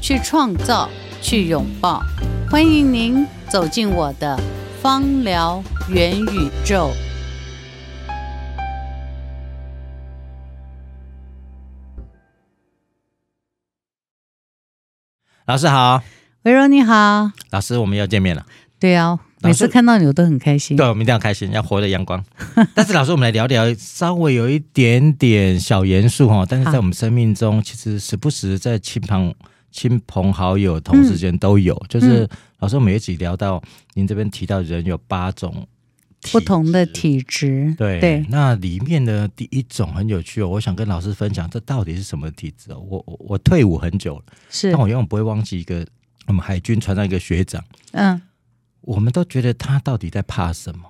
去創造，去擁抱。歡迎您走進我的芳療元宇宙。老師好，薇柔你好，老師，我們又見面了。對啊，師每次看到你，我都很開心。對，我們一定要開心，要活得陽光。 但是，老師，我們來聊聊，稍微有一點點小嚴肅哈。但是在我們生命中，好其實時不時在期盼。親朋好友、同事間都有，嗯、就是老師我們一起聊到您這邊提到人有八種不同的體質，對，對，那裡面的第一種很有趣哦，我想跟老師分享，這到底是什麼體質哦？我我我退伍很久了，是，但我永遠不會忘記一個我們海軍船上一個學長，嗯，我們都覺得他到底在怕什麼？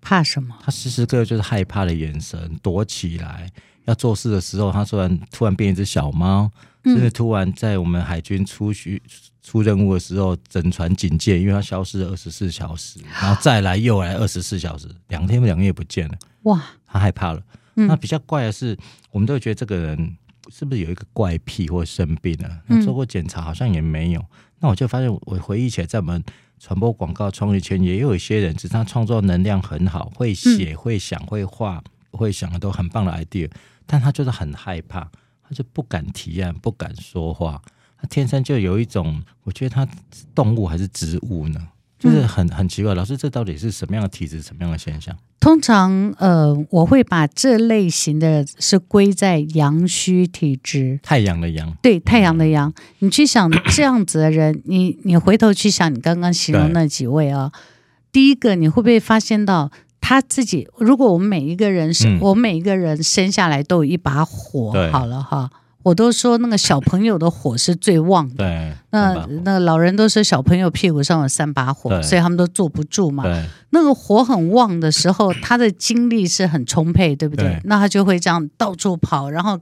怕什麼？他時時刻刻就是害怕的眼神，躲起來，要做事的時候，他突然突然變一隻小貓。就是，是突然在我們海軍出巡，出任務的時候，整船警戒，因為他消失了二十四小時，然後再來又來二十四小時，兩天兩夜不見了，哇，他害怕了。嗯、那比較怪的是，我們都覺得這個人是不是有一個怪癖或生病了、啊？他做過檢查好像也沒有。嗯、那我就發現，我回憶起來，在我們傳播廣告創意圈，也有一些人，只是他創作能量很好，會寫、嗯、會想、會畫、會想的都很棒的 idea，但他就是很害怕。他就不敢提案，不敢說話。他天生就有一種，我覺得他動物還是植物呢，就是很很奇怪。老師，這到底是什麼樣的體質，什麼樣的現象？通常，呃，我會把這類型的是歸在陽虛體質，太陽的陽，對太陽的陽。你去想這樣子的人，咳咳你你回頭去想，你剛剛形容那幾位啊、哦，對第一個你會不會發現到？他自己，如果我們每一個人生，嗯、我們每一個人生下來都有一把火，對好了哈，我都說那個小朋友的火是最旺的，對那、嗯、那老人都說小朋友屁股上有三把火，對所以他們都坐不住嘛。對那個火很旺的時候，他的精力是很充沛，對不對？對那他就會這樣到處跑，然後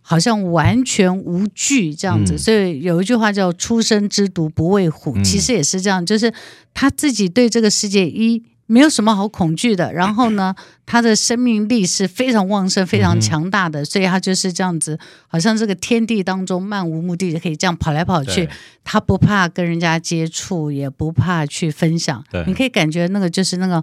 好像完全無懼這樣子。嗯、所以有一句話叫“初生之犢不畏虎”，嗯、其實也是這樣，就是他自己對這個世界一。沒有什麼好恐懼的，然後呢，他的生命力是非常旺盛、非常強大的，嗯哼所以他就是這樣子，好像這個天地當中漫無目的，可以這樣跑來跑去。對他不怕跟人家接觸，也不怕去分享。對你可以感覺那個就是那個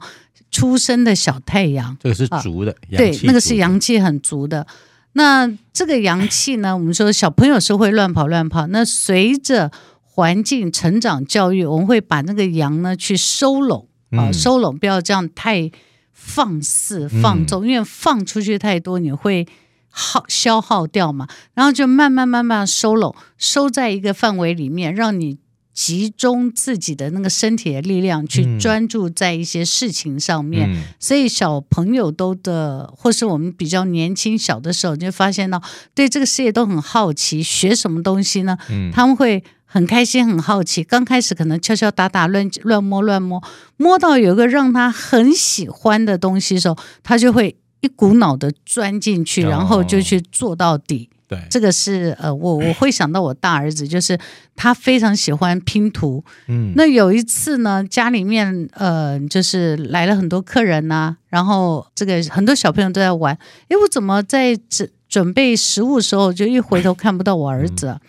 出生的小太陽，這個是足的，對，那個是陽氣很足的。那這個陽氣呢，我們說小朋友是會亂跑亂跑，那隨着環境、成長、教育，我們會把那個陽呢去收攏。啊，收攏、嗯，呃、收攏，不要這樣太放肆、放縱，嗯、因為放出去太多，你會耗消耗掉嘛。然後就慢慢慢慢收攏，收在一個範圍裡面，讓你集中自己的那個身體的力量，去專注在一些事情上面。嗯嗯、所以小朋友都的，或是我們比較年輕小的時候，就發現到對這個世界都很好奇，學什麼東西呢？他們會。很開心，很好奇。剛開始可能敲敲打打，亂亂摸亂摸，摸到有個讓他很喜歡的東西的時候，他就會一股腦的鑽進去，然後就去做到底。哦、對，這個是呃，我我會想到我大兒子，哎、就是他非常喜歡拼圖。嗯，那有一次呢，家裡面呃，就是來了很多客人呢、啊，然後這個很多小朋友都在玩。誒，我怎麼在準準備食物的時候，就一回頭看不到我兒子？嗯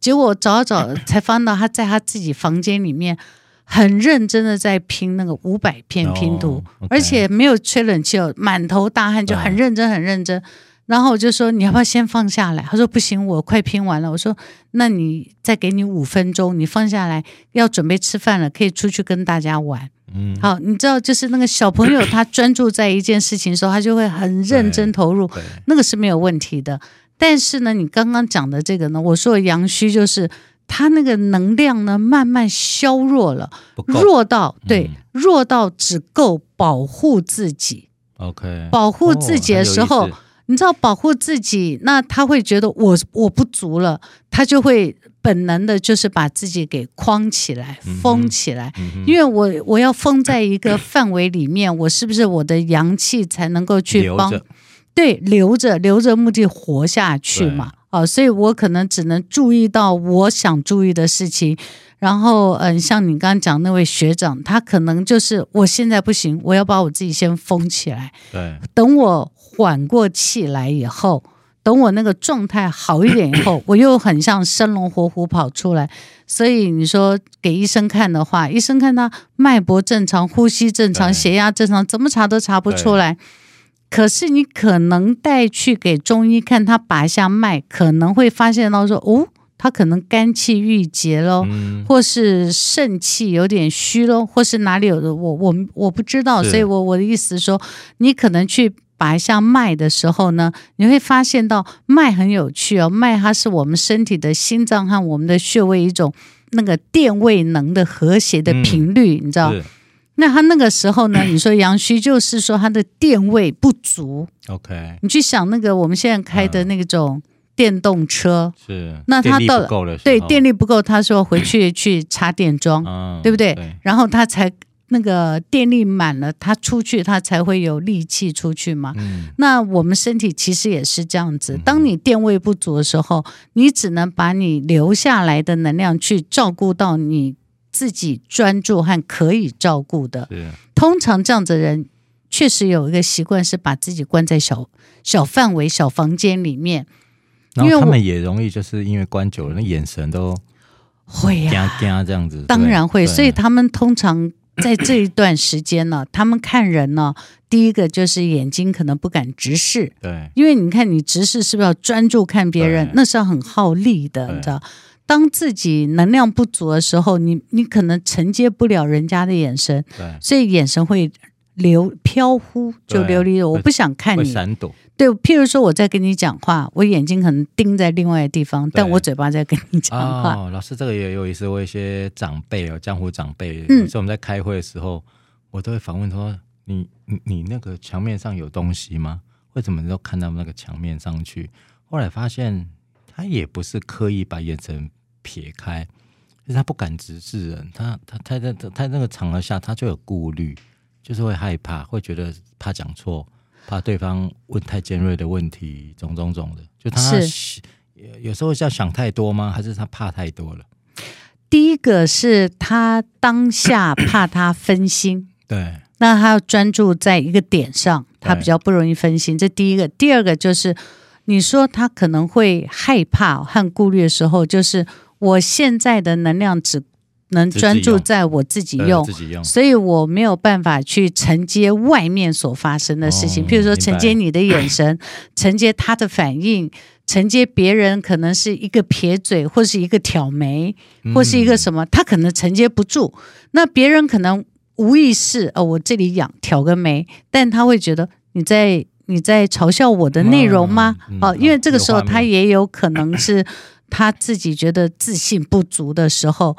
結果我找找才放到他在他自己房間裡面，很認真的在拼那個五百片拼圖，no, okay. 而且沒有吹冷氣哦，滿頭大汗就很認真很認真。Yeah. 然後我就說你要不要先放下來？他說不行，我快拼完了。我說那你再給你五分鐘，你放下來要準備吃飯了，可以出去跟大家玩。嗯、好，你知道就是那個小朋友他專注在一件事情的時候，他就會很認真投入， 那個是沒有問題的。但是呢，你剛剛講的這個呢，我說陽虛就是他那個能量呢慢慢削弱了，不夠弱到對、嗯、弱到只夠保護自己。OK，保護自己的時候，哦、你知道保護自己，那他會覺得我我不足了，他就會本能的就是把自己給框起來、嗯、哼封起來，嗯嗯、因為我我要封在一個範圍裡面， 我是不是我的陽氣才能夠去幫？對，留着留着目的活下去嘛啊對、呃，所以我可能只能注意到我想注意的事情。然後，嗯、呃，像你剛剛講那位學長，他可能就是我現在不行，我要把我自己先封起來。對，等我緩過氣來以後，等我那個狀態好一點以後，我又很像生龍活虎跑出來。所以你說給醫生看的話，醫生看他脈搏正常，呼吸正常，血壓正常，對怎麼查都查不出來。可是你可能帶去給中醫看，他把一下脈，可能會發現到說，哦，他可能肝氣鬱結嘍，嗯、或是腎氣有點虛嘍，或是哪裡有的，我我我不知道。是所以我，我我的意思是說，你可能去把一下脈的時候呢，你會發現到脈很有趣哦，脈它是我們身體的心臟和我們的穴位一種那個電位能的和諧的頻率，嗯、你知道。那他那個時候呢？你說陽虛就是說他的電位不足。OK，你去想那個我們現在開的那種電動車，嗯、是，那他到電對電力不夠，他說回去去插電樁，嗯、對不對？對，然後他才那個電力滿了，他出去他才會有力氣出去嘛。嗯、那我們身體其實也是這樣子，當你電位不足的時候，你只能把你留下來的能量去照顧到你，自己專注和可以照顧的。對通常這樣子的人，確實有一個習慣是把自己關在小小範圍、小房間裡面。因為他們也容易就是因為關久了，那眼神都會呀、啊，這樣子當然會。對所以他們通常在這一段時間呢、啊，咳咳他們看人呢、啊，第一個就是眼睛可能不敢直視，對，因為你看你直視是不是要專注看別人，對那是要很耗力的，對你知道。當自己能量不足的時候，你你可能承接不了人家的眼神，對所以眼神會流飄忽，就流離。對我不想看你閃躲。對，譬如說我在跟你講話，我眼睛可能盯在另外一個地方，對但我嘴巴在跟你講話。哦、老師這個也有意思，我一些長輩哦，江湖長輩，嗯，所以我們在開會的時候，我都會反問說：“你你，你那個牆面上有東西嗎？為什麼都看到那個牆面上去？”後來發現他也不是刻意把眼神。撇開，是他不敢直視人，他他他在他，他那個場合下，他就有顧慮，就是會害怕，會覺得怕講錯，怕對方問太尖銳的問題，種種種的。就他有是有時候要想太多嗎？還是他怕太多了？第一個是他當下怕他分心，咳咳對，那他要專注在一個點上，他比較不容易分心，對這第一個。第二個就是你說他可能會害怕和顧慮的時候，就是。我現在的能量只能專注在我自己用，自己用，對，我自己用，所以我沒有辦法去承接外面所發生的事情。哦、譬如說承接你的眼神，明白。承接他的反應，承接別人可能是一個撇嘴，或是一個挑眉，嗯、或是一個什麼，他可能承接不住。那別人可能無意識哦，我這裡養挑個眉，但他會覺得你在你在嘲笑我的內容嗎？嗯、哦，嗯嗯、因為這個時候他也有可能是。 他自己覺得自信不足的時候，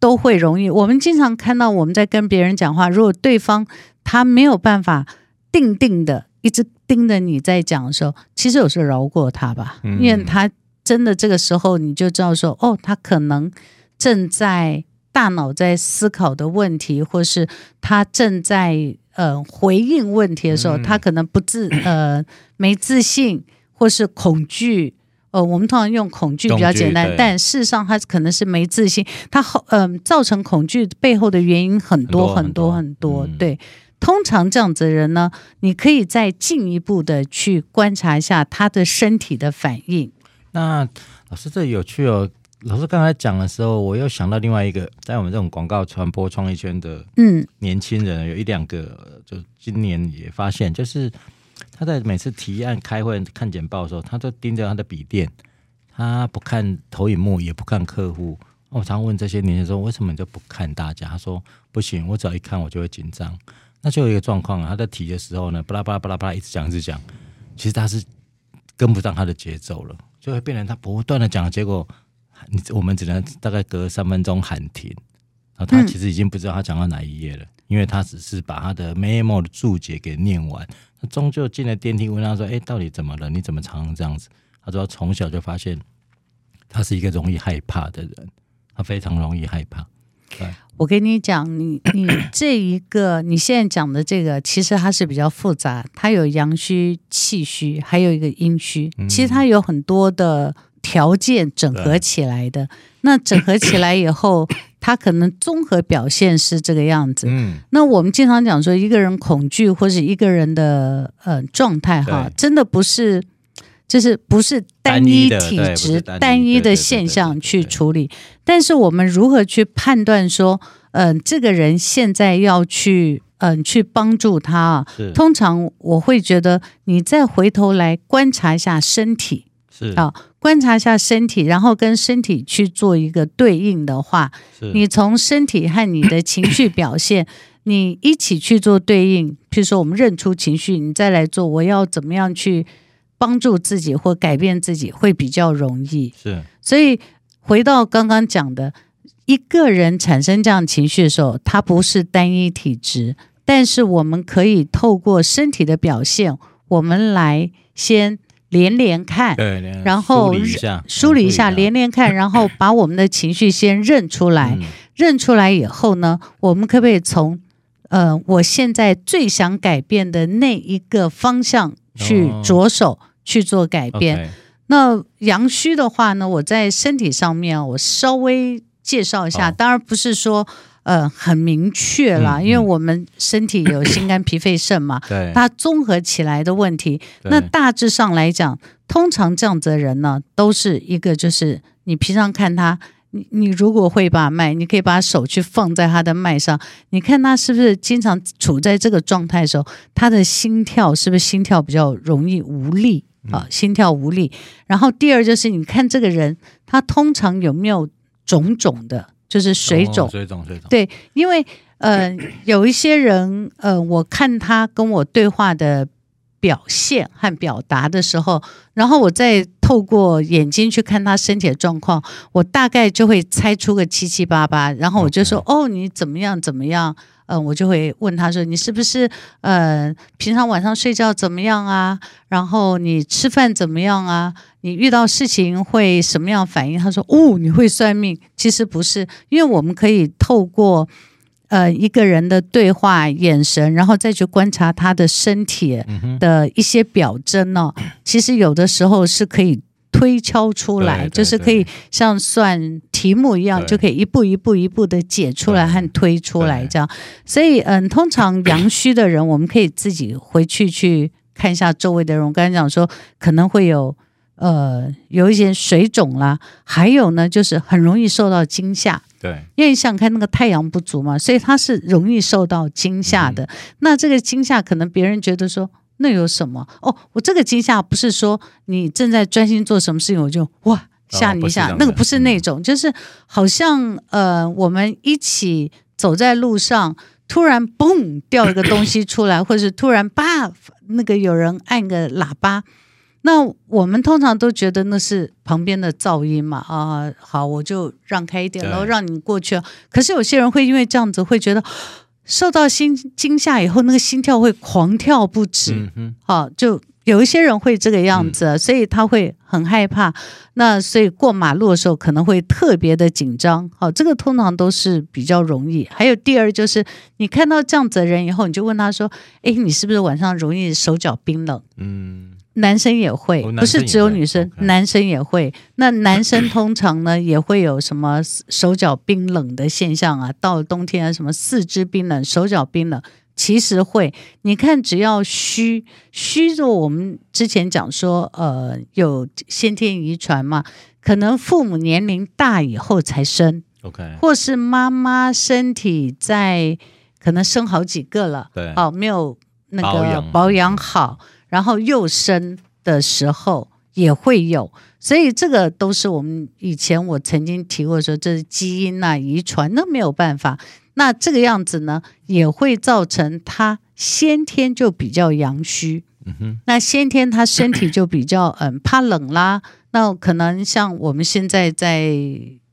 都會容易。我們經常看到我們在跟別人講話，如果對方他沒有辦法定定的一直盯着你在講的時候，其實有時候饒過他吧，因為他真的這個時候你就知道說，哦，他可能正在大腦在思考的問題，或是他正在呃回應問題的時候，他可能不自呃沒自信，或是恐懼。呃、我們通常用恐懼比較簡單，但事實上他可能是沒自信，他後嗯、呃、造成恐懼背後的原因很多很多很多。很多很多嗯、對，通常這樣子的人呢，你可以再進一步的去觀察一下他的身體的反應。那老師這有趣哦，老師剛才講的時候，我又想到另外一個，在我們這種廣告傳播創意圈的嗯年輕人，嗯、有一兩個，就今年也發現就是。他在每次提案開會看簡報的時候，他都盯着他的筆電，他不看投影幕，也不看客戶。我常問這些年輕人，為什麼就不看大家？他說：不行，我只要一看，我就會緊張。那就有一個狀況，他在提的時候呢，巴拉巴拉巴拉巴拉，一直講一直講。其實他是跟不上他的節奏了，就會變成他不斷的講，結果我們只能大概隔三分鐘喊停。然後他其實已經不知道他講到哪一頁了，嗯、因為他只是把他的 memo 的注解給念完。他終究進了電梯，問他說：“哎，到底怎麼了？你怎麼常常這樣子？”他說：“從小就發現他是一個容易害怕的人，他非常容易害怕。”我跟你講，你你這一個你現在講的這個，其實它是比較複雜，它有陽虛、氣虛，還有一個陰虛，其實它有很多的條件整合起來的。對那整合起來以後。他可能綜合表現是這個樣子。嗯，那我們經常講說，一個人恐懼或者一個人的呃狀態哈，對真的不是就是不是單一體質、單一的現象去處理。是但是我們如何去判斷說，嗯、呃，這個人現在要去嗯、呃、去幫助他啊？是通常我會覺得，你再回頭來觀察一下身體是啊。觀察一下身體，然後跟身體去做一個對應的話，是你從身體和你的情緒表現， 你一起去做對應。比如說，我們認出情緒，你再來做，我要怎麼樣去幫助自己或改變自己，會比較容易。是，所以回到剛剛講的，一個人產生這樣情緒的時候，他不是單一體質，但是我們可以透過身體的表現，我們來先。連連看，對，連連然後梳理一下，梳理一下連連看，然後把我們的情緒先認出來， 認出來以後呢，我們可不可以從呃我現在最想改變的那一個方向去着手，oh. 去做改變？Okay. 那陽虛的話呢，我在身體上面我稍微介紹一下，oh. 當然不是說。呃，很明確啦，因為我們身體有心、肝、脾、肺、腎嘛，嗯嗯、它綜合起來的問題，對那大致上來講，通常這樣子的人呢，都是一個就是你平常看他，你你如果會把脈，你可以把手去放在他的脈上，你看他是不是經常處在這個狀態的時候，他的心跳是不是心跳比較容易無力啊、呃，心跳無力。然後第二就是你看這個人，他通常有沒有種種的。就是水腫、水腫、哦，水腫。對，因為呃，對有一些人，呃，我看他跟我對話的表現和表達的時候，然後我再透過眼睛去看他身體的狀況，我大概就會猜出個七七八八，然後我就說，Okay. 哦，你怎麼樣，怎麼樣？嗯，我就會問他說：“你是不是呃，平常晚上睡覺怎麼樣啊？然後你吃飯怎麼樣啊？你遇到事情會什麼樣反應？”他說：“哦，你會算命？其實不是，因為我們可以透過呃一個人的對話、眼神，然後再去觀察他的身體的一些表徵呢、哦。其實有的時候是可以。”推敲出來對對對對就是可以像算題目一樣，對對對就可以一步一步一步的解出來和推出來這樣。所以，嗯，通常陽虛的人， 我們可以自己回去去看一下周圍的人。我剛才講說，可能會有呃有一些水腫啦，還有呢，就是很容易受到驚嚇。對，因為像你想看那個太陽不足嘛，所以他是容易受到驚嚇的。對那這個驚嚇，可能別人覺得說。那有什麼？哦，我這個驚嚇不是說你正在專心做什麼事情，我就哇嚇你一下。哦、那個不是那種，嗯、就是好像呃，我們一起走在路上，突然嘣掉一個東西出來， 或者是突然吧，那個有人按個喇叭，那我們通常都覺得那是旁邊的噪音嘛。啊、呃，好，我就讓開一點然後讓你過去。對可是有些人會因為這樣子會覺得。受到心驚嚇以後，那個心跳會狂跳不止，嗯、哼好，就有一些人會這個樣子，嗯、所以他會很害怕。那所以過馬路的時候可能會特別的緊張，好，這個通常都是比較容易。還有第二就是，你看到這樣子的人以後，你就問他說：“誒，你是不是晚上容易手腳冰冷？”嗯。男生也會，哦、也會不是只有女生，對男生也會。那 Okay 男生通常呢也會有什麼手腳冰冷的現象啊？到了冬天啊，什麼四肢冰冷、手腳冰冷，其實會。你看，只要虛虛弱，我們之前講說，呃，有先天遺傳嘛，可能父母年齡大以後才生，OK，或是媽媽身體在可能生好幾個了，對、哦，沒有那個保養，保養好。然後又生的時候也會有，所以這個都是我們以前我曾經提過說，這是基因吶、啊，遺傳那沒有辦法。那這個樣子呢，也會造成他先天就比較陽虛。嗯哼，那先天他身體就比較嗯怕冷啦。那可能像我們現在在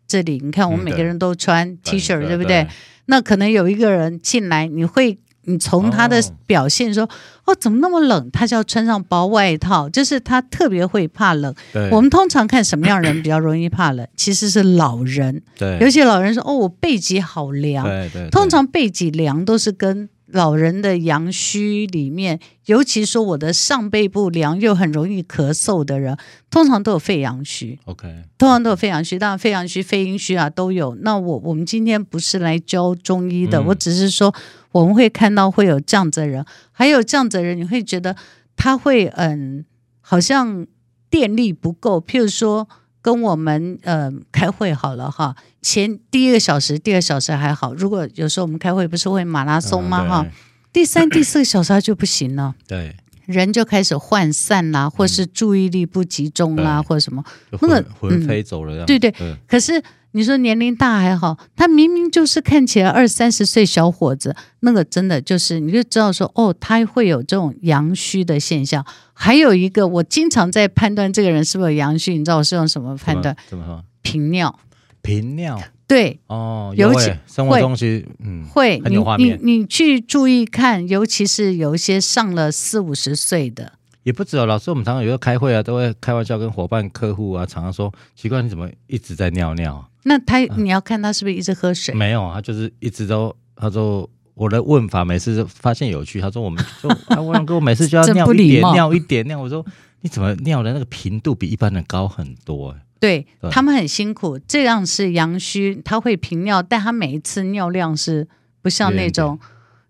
這裡，你看我們每個人都穿 T 恤，對不對？那可能有一個人進來，你會。你從他的表現說，oh. 哦，怎麼那麼冷？他就要穿上薄外套，就是他特別會怕冷。對我們通常看什麼樣的人比較容易怕冷？ 其實是老人。對，尤其老人說，哦，我背脊好涼。對，對對，通常背脊涼都是跟。老人的陽虛裡面，尤其說我的上背部涼又很容易咳嗽的人，通常都有肺陽虛。OK，通常都有肺陽虛，當然肺陽虛、肺陰虛啊都有。那我我們今天不是來教中醫的，嗯、我只是說我們會看到會有這樣子的人，還有這樣子的人，你會覺得他會嗯，好像電力不夠，譬如說。跟我們呃開會好了哈，前第一個小時、第二小時還好，如果有時候我們開會不是會馬拉松嗎哈，嗯，哦？第三、第四個小時就不行了，對，人就開始渙散啦，或是注意力不集中啦，對或者什麼，回那個魂飛走了、嗯，對對，對，可是。你說年齡大還好，他明明就是看起來二三十歲小伙子，那個真的就是，你就知道說哦，他會有這種陽虛的現象。還有一個，我經常在判斷這個人是不是有陽虛，你知道我是用什麼判斷？怎麼？怎麼說？頻尿？頻尿？對，哦，欸、尤其生活東西，會嗯，會，很你你你去注意看，尤其是有一些上了四五十歲的。也不止哦，老師，我們常常有時候開會啊，都會開玩笑跟伙伴、客戶啊，常常說：“奇怪，你怎麼一直在尿尿？”那他，你要看他是不是一直喝水、啊？沒有，他就是一直都。他說：“我的問法每次發現有趣。”他說，我 說、啊：“我們就阿旺哥，每次就要尿一點，尿一點尿一點。尿”我說：“你怎麼尿的那個頻度比一般人高很多？”對，對他們很辛苦，這樣是陽虛，他會頻尿，但他每一次尿量是不像那種，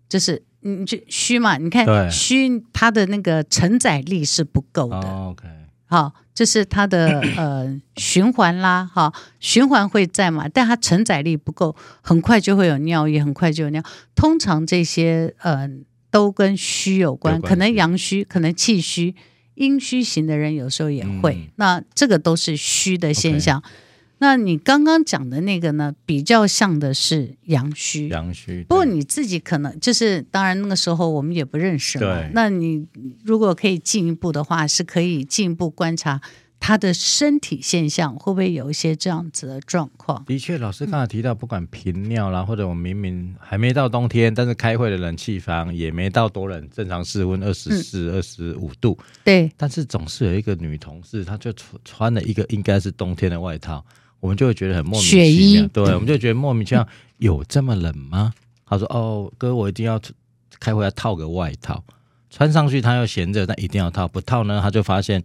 就是。你這虛嘛？你看對虛，它的那個承載力是不夠的。哦、OK，好，這、哦就是它的呃循環啦，哈、哦，循環會在嘛，但它承載力不夠，很快就會有尿意，很快就有尿。通常這些呃都跟虛有關，關可能陽虛，可能氣虛，陰虛型的人有時候也會。嗯、那這個都是虛的現象。Okay 那你剛剛講的那個呢，比較像的是陽虛。陽虛。不過你自己可能就是，當然那個時候我們也不認識嘛。對。那你如果可以進一步的話，是可以進一步觀察他的身體現象，會不會有一些這樣子的狀況？的確，老師剛才提到，不管頻尿啦，嗯、或者我明明還沒到冬天，但是開會的冷氣房也沒到多冷，正常室溫二十四、二十五度。對。但是總是有一個女同事，她就穿穿了一個應該是冬天的外套。我們就會覺得很莫名其妙，雪衣，對，我們就覺得莫名其妙，嗯、有這麼冷嗎？他說：“哦，哥，我一定要開會要套個外套，穿上去他又閒着，但一定要套，不套呢，他就發現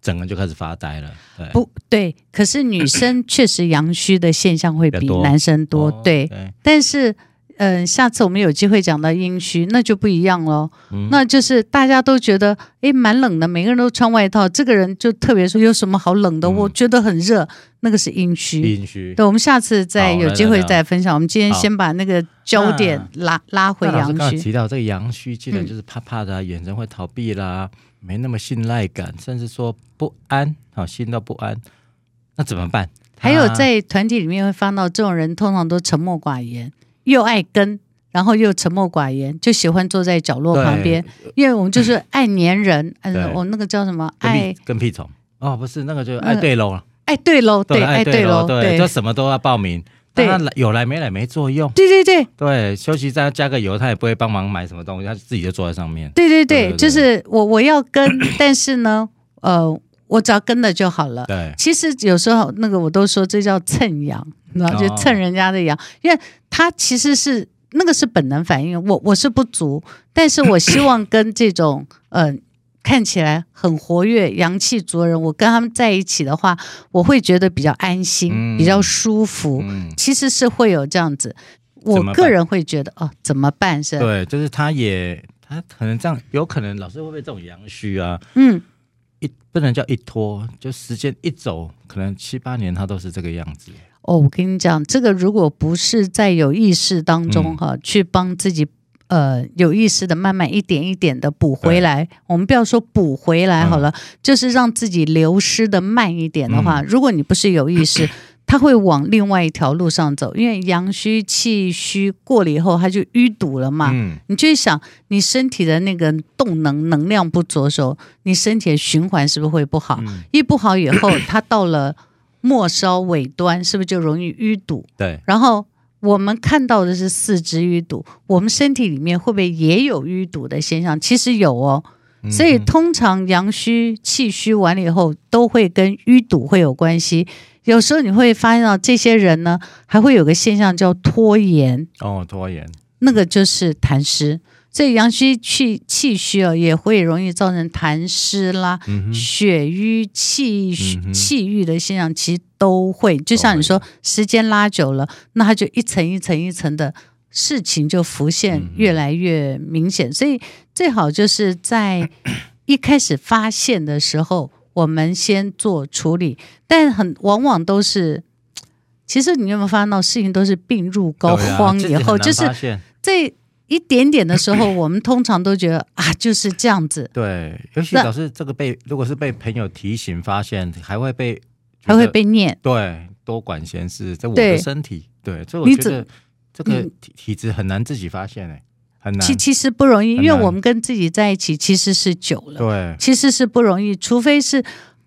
整個就開始發呆了。對”不對，可是女生確實陽虛的現象會比男生多，多哦、對，對，但是。嗯，下次我們有機會講到陰虛，那就不一樣嘍。嗯、那就是大家都覺得哎，蠻冷的，每個人都穿外套，這個人就特別說有什麼好冷的，嗯、我覺得很熱，那個是陰虛。陰虛，對，我們下次再有機會再分享。我們今天先把那個焦點拉好拉，拉回陽虛。啊、剛，剛提到這個陽虛，基本就是怕怕的、啊，眼神會逃避啦，嗯、沒那麼信賴感，甚至說不安好、哦，心都不安。那怎麼辦？還有在團體裡面會發到這種人，通常都沉默寡言。又愛跟，然後又沉默寡言，就喜歡坐在角落旁邊，因為我們就是愛粘人。嗯，我那個叫什麼？愛跟屁蟲？哦，不是那個，就愛對嘍。愛對嘍，對，愛對嘍，對，就什麼都要報名。對，有來沒來沒作用。對對對對，休息站加個油，他也不會幫忙買什麼東西，他自己就坐在上面。對對對，就是我我要跟，但是呢，呃，我只要跟了就好了。對，其實有時候那個我都說，這叫蹭陽。然後就蹭人家的陽。哦、因為他其實是那個是本能反應。我我是不足，但是我希望跟這種嗯、 呃、看起來很活躍、陽氣足的人，我跟他們在一起的話，我會覺得比較安心、嗯、比較舒服。嗯、其實是會有這樣子，我個人會覺得哦，怎麼辦？是，對，就是他也他可能這樣，有可能老師會被這種陽虛啊，嗯。一不能叫一拖，就時間一走，可能七八年它都是這個樣子。哦，我跟你講，這個如果不是在有意識當中哈，嗯、去幫自己呃有意識的慢慢一點一點的補回來，對我們不要說補回來好了，嗯、就是讓自己流失的慢一點的話，嗯、如果你不是有意識。 它會往另外一條路上走，因為陽虛氣虛過了以後，它就淤堵了嘛。嗯，你就想你身體的那個動能能量不足的時候，你身體的循環是不是會不好？嗯，一不好以後，它到了末梢尾端， 是不是就容易淤堵？對。然後我們看到的是四肢淤堵，我們身體裡面會不會也有淤堵的現象？其實有哦。所以通常陽虛氣虛完了以後，都會跟淤堵會有關係。有時候你會發現到這些人呢，還會有個現象叫拖延哦，拖延那個就是痰濕，所以陽虛、氣氣虛哦，也會容易造成痰濕啦、嗯、哼血瘀、氣、嗯、哼氣鬱的現象，其實都會。就像你說，會時間拉久了，那它就一層一層一層的事情就浮現，越來越明顯。嗯、哼所以最好就是在一開始發現的時候。我們先做處理，但很往往都是，其實你有沒有發現到，事情都是病入膏肓以後，啊、發現就是這一點點的時候， 我們通常都覺得啊，就是這樣子。對，尤其老師這個被，那如果是被朋友提醒發現，還會被還會被念，對，多管閒事，在我的身體，對，這我覺得這個體體質很難自己發現哎、欸。其其實不容易，難因為我們跟自己在一起其實是久了，對其實是不容易，除非是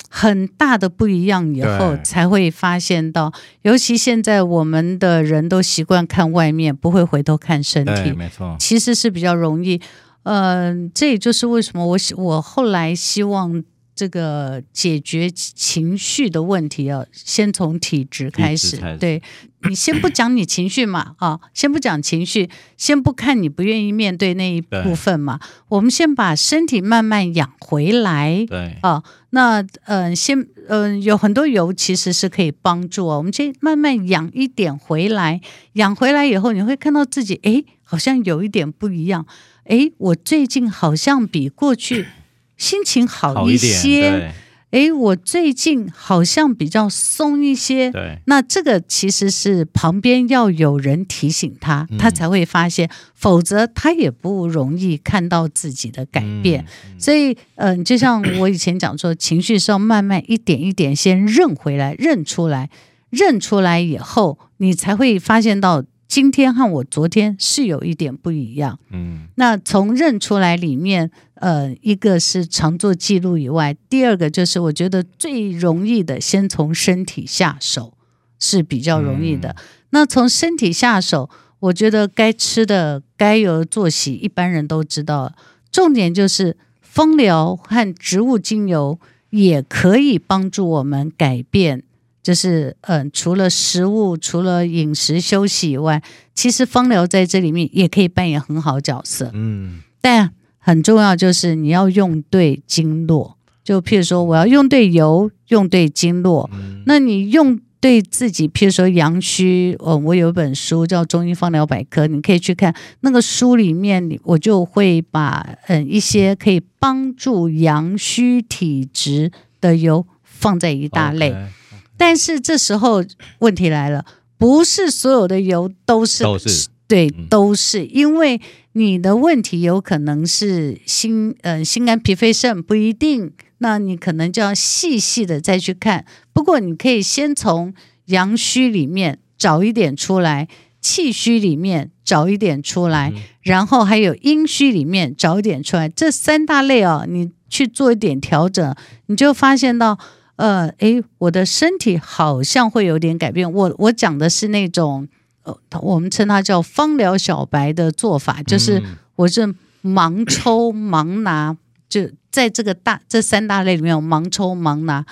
很大的不一樣以後對才會發現到。尤其現在我們的人都習慣看外面，不會回頭看身體，沒錯，其實是比較容易。嗯、呃，這也就是為什麼我我後來希望這個解決情緒的問題要先從體質開始，對。你先不講你情緒嘛，啊、哦，先不講情緒，先不看你不願意面對那一部分嘛。對我們先把身體慢慢養回來，啊對、哦，那，嗯、呃，先，嗯、呃，有很多油其實是可以幫助、哦，我們先慢慢養一點回來，養回來以後，你會看到自己，誒，好像有一點不一樣，誒。我最近好像比過去心情好一些。誒，我最近好像比較鬆一些。對，那這個其實是旁邊要有人提醒他，他才會發現，嗯、否則他也不容易看到自己的改變。嗯嗯、所以，嗯、呃，就像我以前講說， 情緒是要慢慢一點一點先認回來、認出來、認出來以後，你才會發現到。今天和我昨天是有一點不一樣，嗯，那從認出來裡面，呃，一個是常做記錄以外，第二個就是我覺得最容易的，先從身體下手是比較容易的。嗯、那從身體下手，我覺得該吃的、該有的作息，一般人都知道。重點就是芳療和植物精油也可以幫助我們改變。就是，嗯，除了食物，除了飲食、休息以外，其實芳療在這裡面也可以扮演很好角色。嗯，但很重要就是你要用對經絡，就譬如說，我要用對油，用對經絡。嗯、那你用對自己，譬如說陽虛，嗯，我有一本書叫《中醫芳療百科》，你可以去看那個書裡面，我就會把嗯一些可以幫助陽虛體質的油放在一大類。Okay 但是這時候問題來了，不是所有的油都是，都是對、嗯、都是，因為你的問題有可能是心嗯、呃、心肝脾肺腎不一定，那你可能就要細細的再去看。不過你可以先從陽虛裡面找一點出來，氣虛裡面找一點出來，嗯、然後還有陰虛裡面找一點出來，這三大類哦，你去做一點調整，你就發現到。呃，誒，我的身體好像會有點改變。我我講的是那種，呃，我們稱它叫芳療小白的做法，就是我是盲抽盲拿，嗯、就在這個大這三大類裡面盲抽盲拿。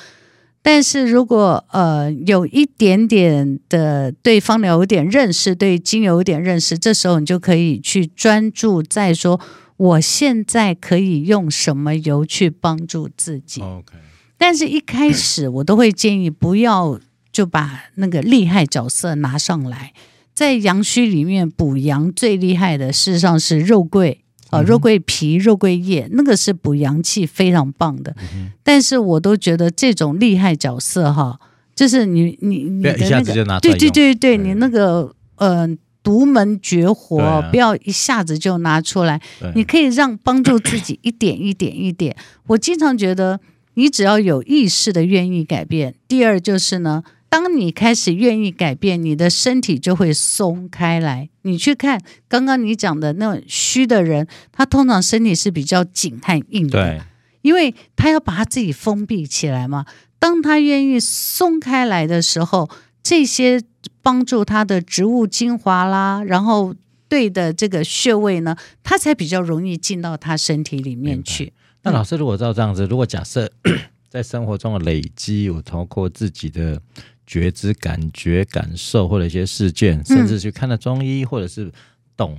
但是如果呃有一點點的對芳療有點認識，對精油有點認識，這時候你就可以去專注在說我現在可以用什麼油去幫助自己。哦 okay 但是，一開始我都會建議不要就把那個厲害角色拿上來，在陽虛裡面補陽最厲害的，事實上是肉桂啊、呃，肉桂皮、肉桂葉，那個是補陽氣非常棒的。但是，我都覺得這種厲害角色哈，就是你你你的那個，對對對對，你那個呃獨門絕活，不要一下子就拿出來，你可以讓幫助自己一點一點一點。我經常覺得。你只要有意識的願意改變，第二就是呢，當你開始願意改變，你的身體就會鬆開來。你去看剛剛你講的那種虛的人，他通常身體是比較緊和硬的，對，因為他要把他自己封閉起來嘛。當他願意鬆開來的時候，這些幫助他的植物精華啦，然後對的這個穴位呢，他才比較容易進到他身體裡面去。嗯那老師，如果照這樣子，如果假設在生活中的累積，我透過自己的覺知、感覺、感受，或者一些事件，嗯、甚至去看了中醫，或者是懂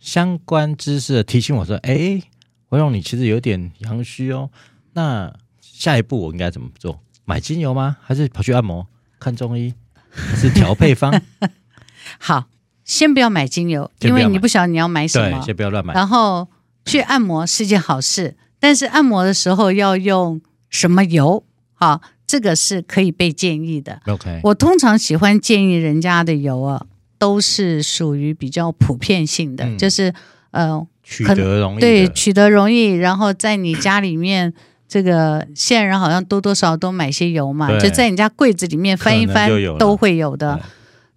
相關知識的提醒我說：“哎、欸，文勇，你其實有點陽虛哦。”那下一步我應該怎麼做？買精油嗎？還是跑去按摩？看中醫？還是調配方？ 好，先不要買精油，因為你不曉得你要買什麼。先不要亂買。然後去按摩是件好事。 但是按摩的時候要用什麼油？好，這個是可以被建議的。Okay 我通常喜歡建議人家的油啊，都是屬於比較普遍性的，嗯、就是呃，取得容易，對，取得容易。然後在你家裡面， 這個現在人好像多多少少都買些油嘛，對就在你家櫃子裡面翻一翻，都會有的。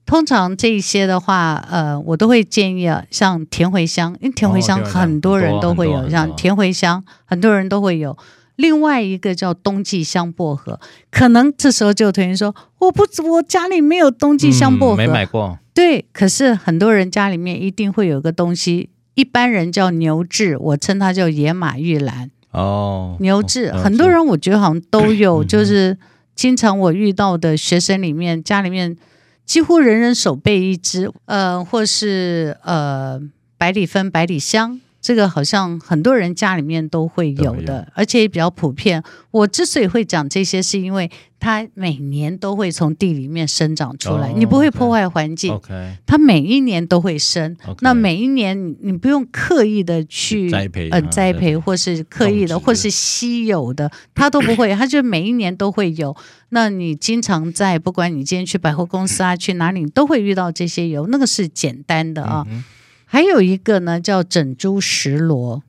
通常這一些的話，呃，我都會建議啊，像甜茴香，因為甜茴香很多人都會有，哦、像甜茴香很多人都會有。另外一個叫冬季香薄荷，可能這時候就有同學說，我不，我家裡沒有冬季香薄荷，嗯、沒買過。對，可是很多人家裡面一定會有個東西，一般人叫牛至，我稱它叫野馬鬱蘭。哦，牛至制，哦、很多人我覺得好像都有，嗯、哼就是經常我遇到的學生裡面，家裡面。幾乎人人手備一支，嗯、呃，或是呃百里芬、百里香。這個好像很多人家裡面都會有的，有而且也比較普遍。我之所以會講這些，是因為它每年都會從地裡面生長出來，哦、okay, 你不會破壞環境。OK，它每一年都會生。Okay, 那每一年你不用刻意的去栽培，啊呃，栽培或是刻意的或是稀有的，的它都不會，它就每一年都會有。 那你經常在，不管你今天去百貨公司啊，去哪裡，你都會遇到這些油。那個是簡單的啊。嗯還有一個呢，叫整株蒔蘿。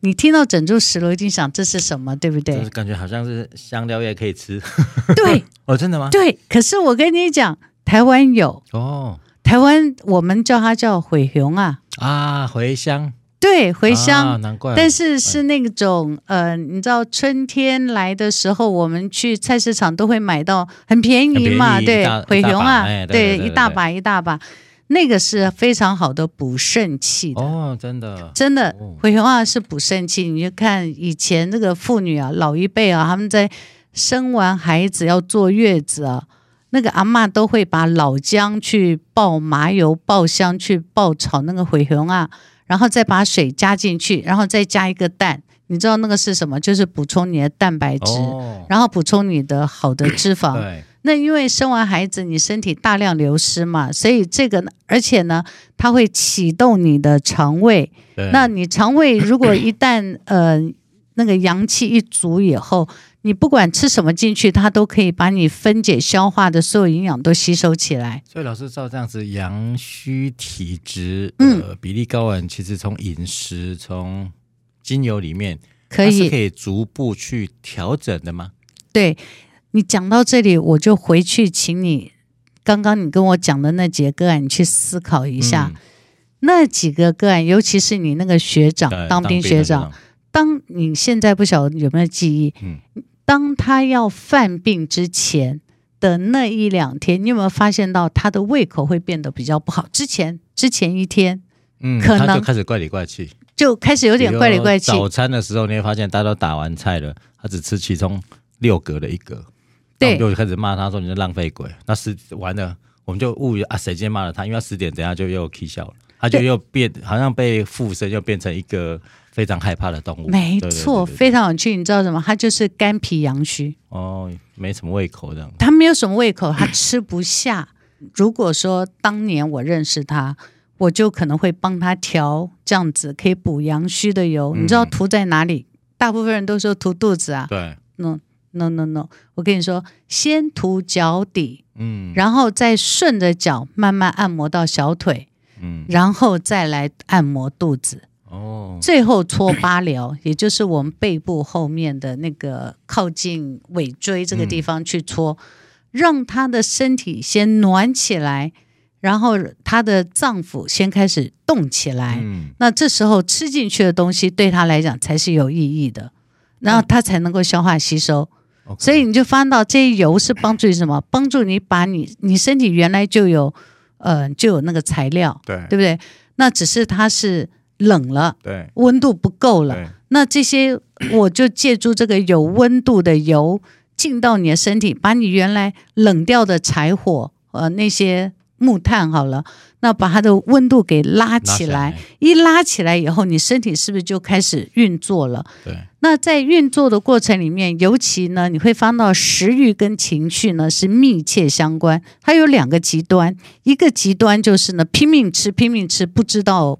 你聽到整株蒔蘿，一想這是什麼，對不對？就是感覺好像是香料也可以吃。 對哦，真的嗎？對，可是我跟你講，台灣有哦，台灣我們叫它叫茴香啊啊，茴香對茴香，啊，難怪。但是是那種呃，你知道春天來的時候，我們去菜市場都會買到很便宜嘛，宜對茴香啊，對一大把一大把。那個是非常好的補腎氣的哦，真的，真的，茴香啊是補腎氣。哦、你就看以前那個婦女啊，老一輩啊，她們在生完孩子要坐月子啊，那個阿嬤都會把老薑去爆麻油爆香，去爆炒那個茴香啊，然後再把水加進去，然後再加一個蛋。你知道那個是什麼？就是補充你的蛋白質，哦、然後補充你的好的脂肪。對。那因為生完孩子，你身體大量流失嘛，所以這個，而且呢，它會啟動你的腸胃。對那你腸胃如果一旦 呃、那個陽氣一足以後，你不管吃什麼進去，它都可以把你分解消化的所有營養都吸收起來。所以老師照這樣子，陽虛體質、呃、比例高的人，其實從飲食、從精油裡面，可以它是可以逐步去調整的嗎？對。你講到這裡，我就回去，請你剛剛你跟我講的那幾個個案，你去思考一下，嗯、那幾個個案，尤其是你那個學長對當兵學長，當、當你現在不曉得有沒有記憶，嗯、當他要犯病之前的那一兩天，你有沒有發現到他的胃口會變得比較不好？之前之前一天，嗯，可能就開始怪裡怪氣，就開始有點怪裡怪氣。早餐的時候，你會發現大家都打完菜了，他只吃其中六格的一格。對我們就開始罵他說，你是浪費鬼，那是完了，我們就誤啊，誰先罵了他？因為他十點等下就又起笑了，對他就又變，好像被附身，又變成一個非常害怕的動物。沒錯，對對對對對非常有趣。你知道什麼？他就是肝脾陽虛哦，沒什麼胃口的，他沒有什麼胃口，他吃不下。 如果說當年我認識他，我就可能會幫他調這樣子，可以補陽虛的油。嗯、你知道塗在哪裡？大部分人都說塗肚子啊。對，嗯。No no no！我跟你說，先塗腳底，嗯，然後再順着腳慢慢按摩到小腿，嗯，然後再來按摩肚子，哦，最後搓八髎，也就是我們背部後面的那個靠近尾椎這個地方去搓，嗯，讓他的身體先暖起來，然後他的臟腑先開始動起來，嗯，那這時候吃進去的東西對他來講才是有意義的，然後他才能夠消化吸收。Okay. 所以你就發現到這些油是幫助你什麼？幫助你把你你身體原來就有，呃，就有那個材料，對，對不對？那只是它，是冷了，對，溫度不夠了。對那這些我就借助這個有溫度的油進到你的身體，把你原來冷掉的柴火和，呃、那些木炭好了。那把它的溫度給拉起來，拉起來，一拉起來以後，你身體是不是就開始運作了？對。那在運作的過程裡面，尤其呢，你會發到食慾跟情緒呢是密切相關。它有兩個極端，一個極端就是呢拼命吃，拼命吃，不知道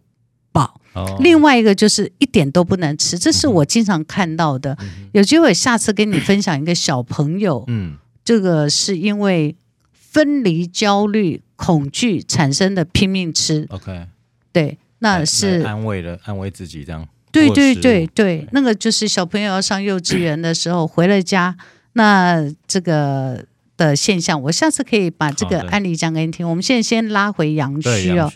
飽；哦、另外一個就是一點都不能吃。這是我經常看到的。嗯、有機會下次跟你分享一個小朋友，嗯，這個是因為分離焦慮。恐懼產生的拼命吃 Okay, 對，那是安慰的安慰自己這樣。對對對對，那個就是小朋友要上幼稚園的時候 回了家，那這個的現象，我下次可以把這個案例講給你聽。Oh, 對我們現在先拉回陽虛哦，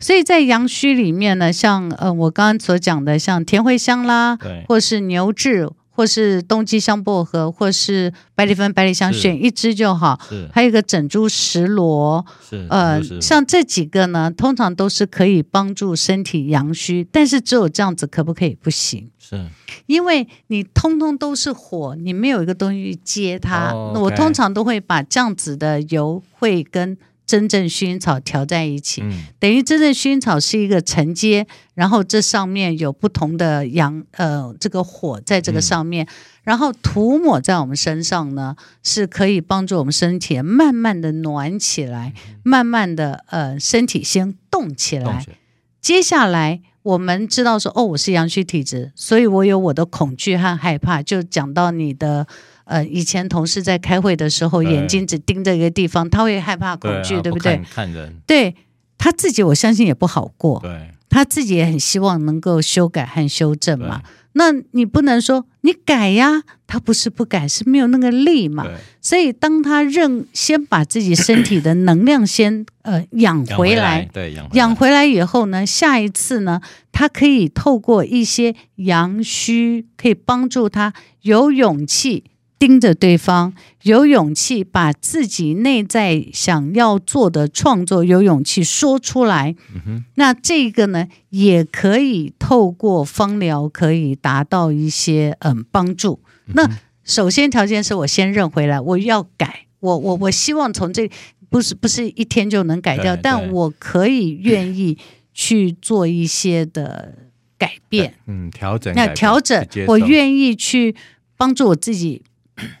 所以在陽虛裡面呢，像呃我剛剛所講的，像甜茴香啦，對或是牛至，或是冬季香薄荷，或是百裡酚，百里香，是選一支就好。是還有一個整株石螺，是呃，是像這幾個呢，通常都是可以幫助身體陽虛，但是只有這樣子可不可以？不行，是因為你通通都是火，你沒有一個東西去接它。哦、那我通常都會把這樣子的油會跟。真正薰衣草調在一起，嗯、等於真正薰衣草是一個承接，然後這上面有不同的陽呃，這個火在這個上面，嗯、然後塗抹在我們身上呢，是可以幫助我們身體慢慢的暖起來，嗯、慢慢的呃身體先動起來。動起來接下來我們知道說，哦，我是陽虛體質，所以我有我的恐懼和害怕，就講到你的。呃，以前同事在開會的時候，對眼睛只盯着一個地方，他會害怕、恐懼，對啊、對不對？不看，看人，對他自己，我相信也不好過。對，他自己也很希望能夠修改和修正嘛。對那你不能說你改呀，他不是不改，是沒有那個力嘛。對所以當他認先把自己身體的能量先咳咳呃養回來，養回來以後呢，下一次呢，他可以透過一些陽虛，可以幫助他有勇氣。盯着對方，有勇氣把自己內在想要做的創作有勇氣說出來。嗯哼。那這個呢，也可以透過芳療可以達到一些嗯幫助。嗯哼。那首先條件是我先認回來，我要改，我、嗯哼，我我希望從這不是不是一天就能改掉，但我可以願意去做一些的改變，嗯，調整，那調整，我願意去幫助我自己。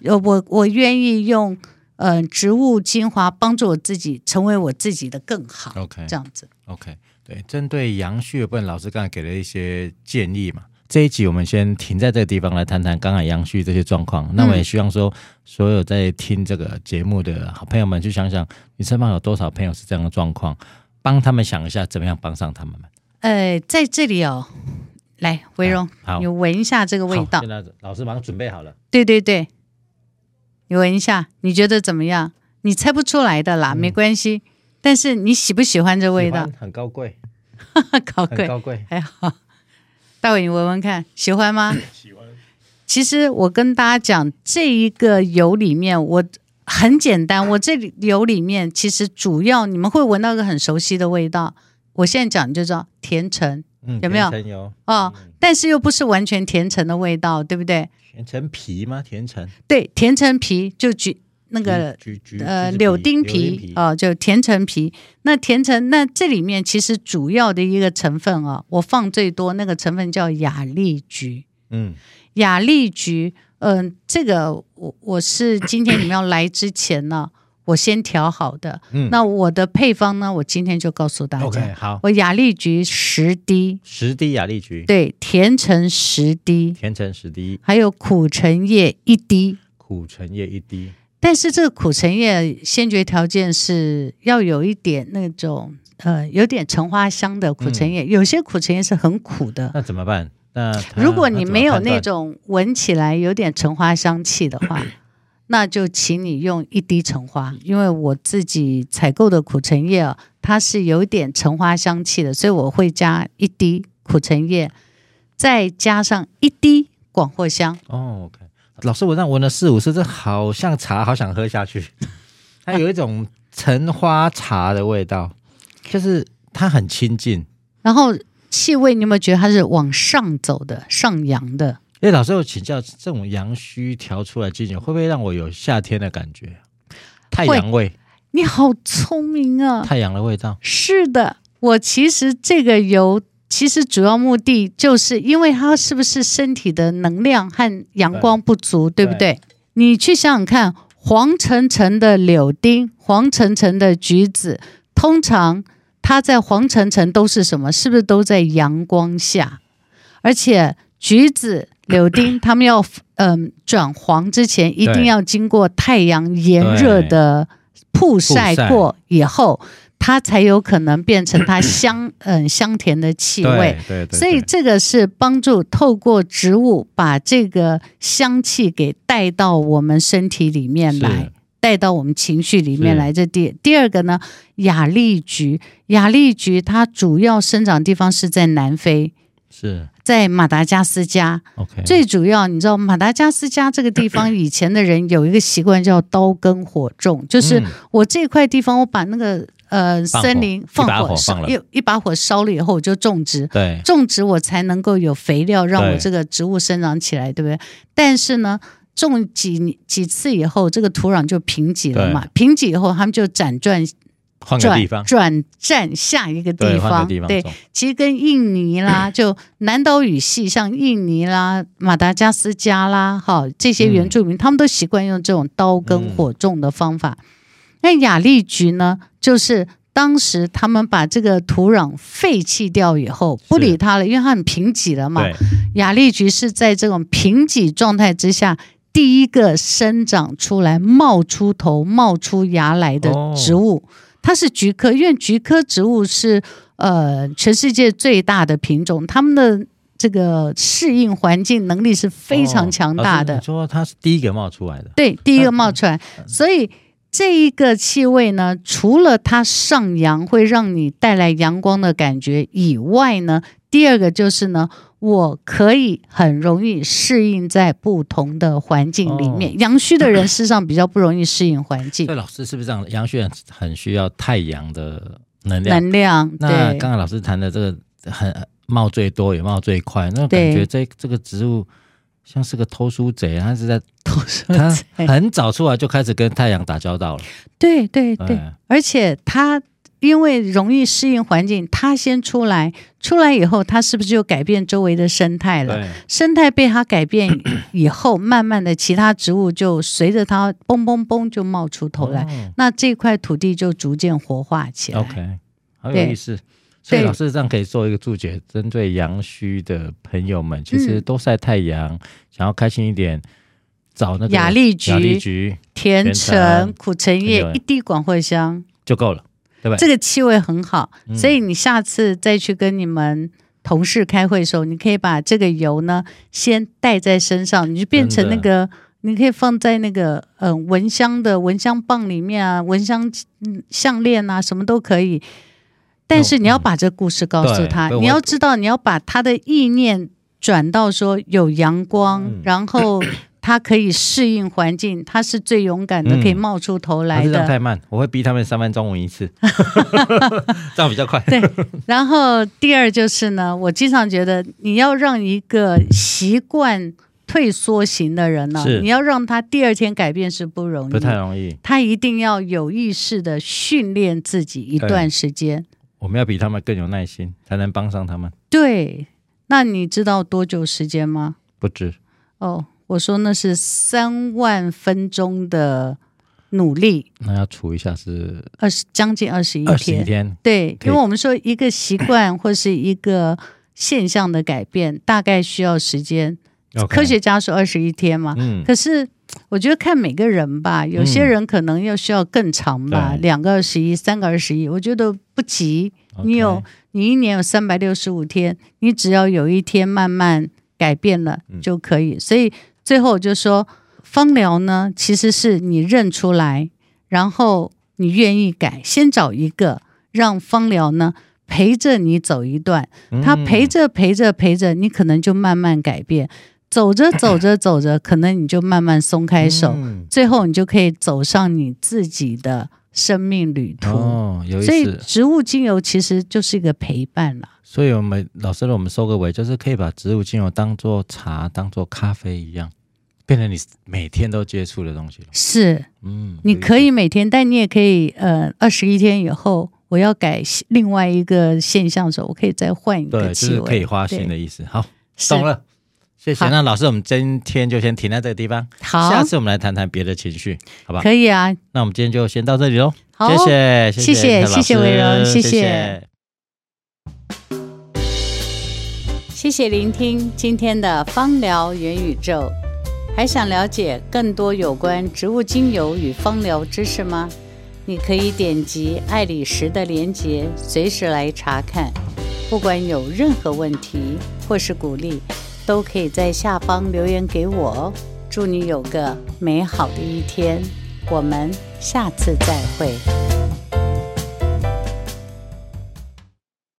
呃，我我願意用，嗯、呃、植物精華幫助我自己，成為我自己的更好。OK，這樣子。OK，對，針對陽虛，不，老師剛才給了一些建議嘛。這一集我們先停在這個地方來談談剛才陽虛這些狀況。那我們也希望說，所有在聽這個節目的好朋友們，去想想你身旁有多少朋友是這樣的狀況，幫他們想一下怎麼樣幫上他們。呃，在這裡哦，來，維榮、啊，好，你聞一下這個味道。現在老師馬上準備好了。對對對。你聞一下，你覺得怎麼樣？你猜不出來的啦，嗯、沒關係。但是你喜不喜歡這味道？很高貴，哈哈，高貴，很高貴，還好。待會，你聞聞看，喜歡嗎？喜歡。其實我跟大家講，這一個油裡面，我很簡單。我這裡油裡面，其實主要你們會聞到一個很熟悉的味道。我現在講就叫甜橙。嗯、有沒有哦？嗯、但是又不是完全甜橙的味道，對不對？甜橙皮嗎？甜橙，對，甜橙皮就橘那個、嗯、橘橘呃柳丁皮啊、呃，就甜橙皮。嗯、那甜橙那這裡面其實主要的一個成分啊，我放最多那個成分叫雅麗菊。嗯，雅麗菊，嗯、呃，這個我我是今天你們要來之前呢、啊。 我先調好的，嗯、那我的配方呢？我今天就告訴大家。OK，好。我雅麗菊十滴，十滴雅麗菊，對，甜橙十滴，甜橙十滴，還有苦橙葉一滴，苦橙葉一滴。但是這個苦橙葉先決條件是要有一點那種呃，有點橙花香的苦橙葉，嗯、有些苦橙葉是很苦的。那怎麼辦？那如果你沒有那種聞起來有點橙花香氣的話。 那就請你用一滴橙花，因為我自己採購的苦橙葉哦，它是有點橙花香氣的，所以我會加一滴苦橙葉，再加上一滴廣藿香。哦，OK，老師，我這樣聞了四五次，這好像茶，好想喝下去。它有一種橙花茶的味道， 就是它很親近。然後氣味，你有沒有覺得它是往上走的，上揚的？所以，老師，我請教，這種陽虛調出來季節，會不會讓我有夏天的感覺？太陽味？你好聰明啊！太陽的味道是的。我其實這個油，其實主要目的就是因為它是不是身體的能量和陽光不足，對，對不對？對，你去想想看，黃橙橙的柳丁，黃橙橙的橘子，通常它在黃橙橙都是什麼？是不是都在陽光下？而且橘子。柳丁，它們要嗯、呃、轉黃之前，一定要經過太陽炎熱的曝曬過以後，它才有可能變成它香嗯、呃、香甜的氣味。對對。所以這個是幫助透過植物把這個香氣給帶到我們身體裡面來，是帶到我們情緒裡面來這。這第是第二個呢，雅麗菊，雅麗菊它主要生長地方是在南非。是在馬達加斯加，Okay 最主要你知道馬達加斯加這個地方以前的人有一個習慣叫刀耕火種，嗯、就是我這塊地方我把那個呃放火森林放火，一把火放了一，一把火燒了以後我就種植，對種植我才能夠有肥料讓我這個植物生長起來，對不對？但是呢，種幾幾次以後這個土壤就貧瘠了嘛，貧瘠對以後他們就輾轉。換個地方，轉戰下一個地方。對，換個地方。對，其實跟印尼啦，嗯、就南島語系，像印尼啦、馬達加斯加啦，哈，這些原住民，嗯、他們都習慣用這種刀耕火種的方法。那雅麗菊呢，就是當時他們把這個土壤廢棄掉以後，不理它了，是因為它很貧瘠了嘛。雅麗對菊是在這種貧瘠狀態之下，第一個生長出來、冒出頭、冒出芽來的植物。哦它是菊科，因為菊科植物是呃全世界最大的品種，它們的這個適應環境能力是非常強大的。哦、你說它是第一個冒出來的？對，第一個冒出來，嗯、所以這一個氣味呢，除了它上揚會讓你帶來陽光的感覺以外呢。第二個就是呢，我可以很容易適應在不同的環境裡面。陽虛、哦、的人事實上比較不容易適應環境。那老師是不是這樣，陽虛很，很需要太陽的能量？能量。那對，剛剛老師談的這個，很冒最多也冒最快，那感覺這對這個植物像是個偷書賊，他是在偷書。他很早出來就開始跟太陽打交道了。對對對，對對對而且他。因為容易適應環境，它先出來，出來以後，它是不是就改變周圍的生態了？對，生態被它改變以後，慢慢的，其他植物就隨着它嘣嘣嘣就冒出頭來，那這塊土地就逐漸活化起來。OK，好有意思。所以老師這樣可以做一個注解，針對陽虛的朋友們，其實多曬太陽，想要開心一點，找那個雅麗菊、甜橙、苦橙葉、一滴廣藿香就夠了。對對，這個氣味很好，嗯、所以你下次再去跟你們同事開會的時候，你可以把這個油呢先帶在身上，你就變成那個，的你可以放在那個嗯、呃、蚊香的蚊香棒裡面啊，蚊香項鏈啊，什麼都可以。但是你要把這故事告訴他，哦嗯、你要知道，我你要把他的意念轉到說有陽光，嗯、然後。 他可以適應環境，他是最勇敢的，嗯、可以冒出頭來的。這樣太慢，我會逼他們三分鐘聞一次， 這樣比較快。對，然後第二就是呢，我經常覺得你要讓一個習慣退縮型的人呢、啊，是你要讓他第二天改變是不容易，不太容易。他一定要有意識的訓練自己一段時間。我們要比他們更有耐心，才能幫上他們。對，那你知道多久時間嗎？不知止哦。Oh, 我說，那是三萬分鐘的努力，那要除一下是二十、將近二十一天，二十一天，對，以因為我們說一個習慣或是一個現象的改變 大概需要時間，Okay. 科學家說二十一天嘛，嗯、可是我覺得看每個人吧，有些人可能要需要更長吧，嗯、兩個二十一，三個二十一，我覺得不急，Okay. 你有你一年有三百六十五天，你只要有一天慢慢改變了就可以，嗯、所以。最後我就說，芳療呢，其實是你認出來，然後你願意改，先找一個讓芳療呢陪着你走一段，嗯、他陪着陪着陪着，你可能就慢慢改變，走着走着走着，咳咳可能你就慢慢鬆開手，嗯、最後你就可以走上你自己的生命旅途。哦、有意思，所以植物精油其實就是一個陪伴了。所以，我們老師讓我們收個尾，就是可以把植物精油當做茶，當做咖啡一樣，變成你每天都接觸的東西。是，嗯，你可以每天，但你也可以，呃，二十一天以後，我要改另外一個現象的時候，我可以再換一個氣味，對，是可以花心的意思。好，懂了。謝謝。那老師，我們今天就先停在這個地方。好，下次我們來談談別的情緒，好吧？可以啊，那我們今天就先到這裡嘍。好，謝謝，謝謝，謝謝偉榮，謝謝。謝謝聆聽今天的芳療元宇宙。還想了解更多有關植物精油與芳療知識嗎？你可以點擊愛裡時的鏈接，隨時來查看。不管有任何問題或是鼓勵，都可以在下方留言給我哦。祝你有個美好的一天，我們下次再會。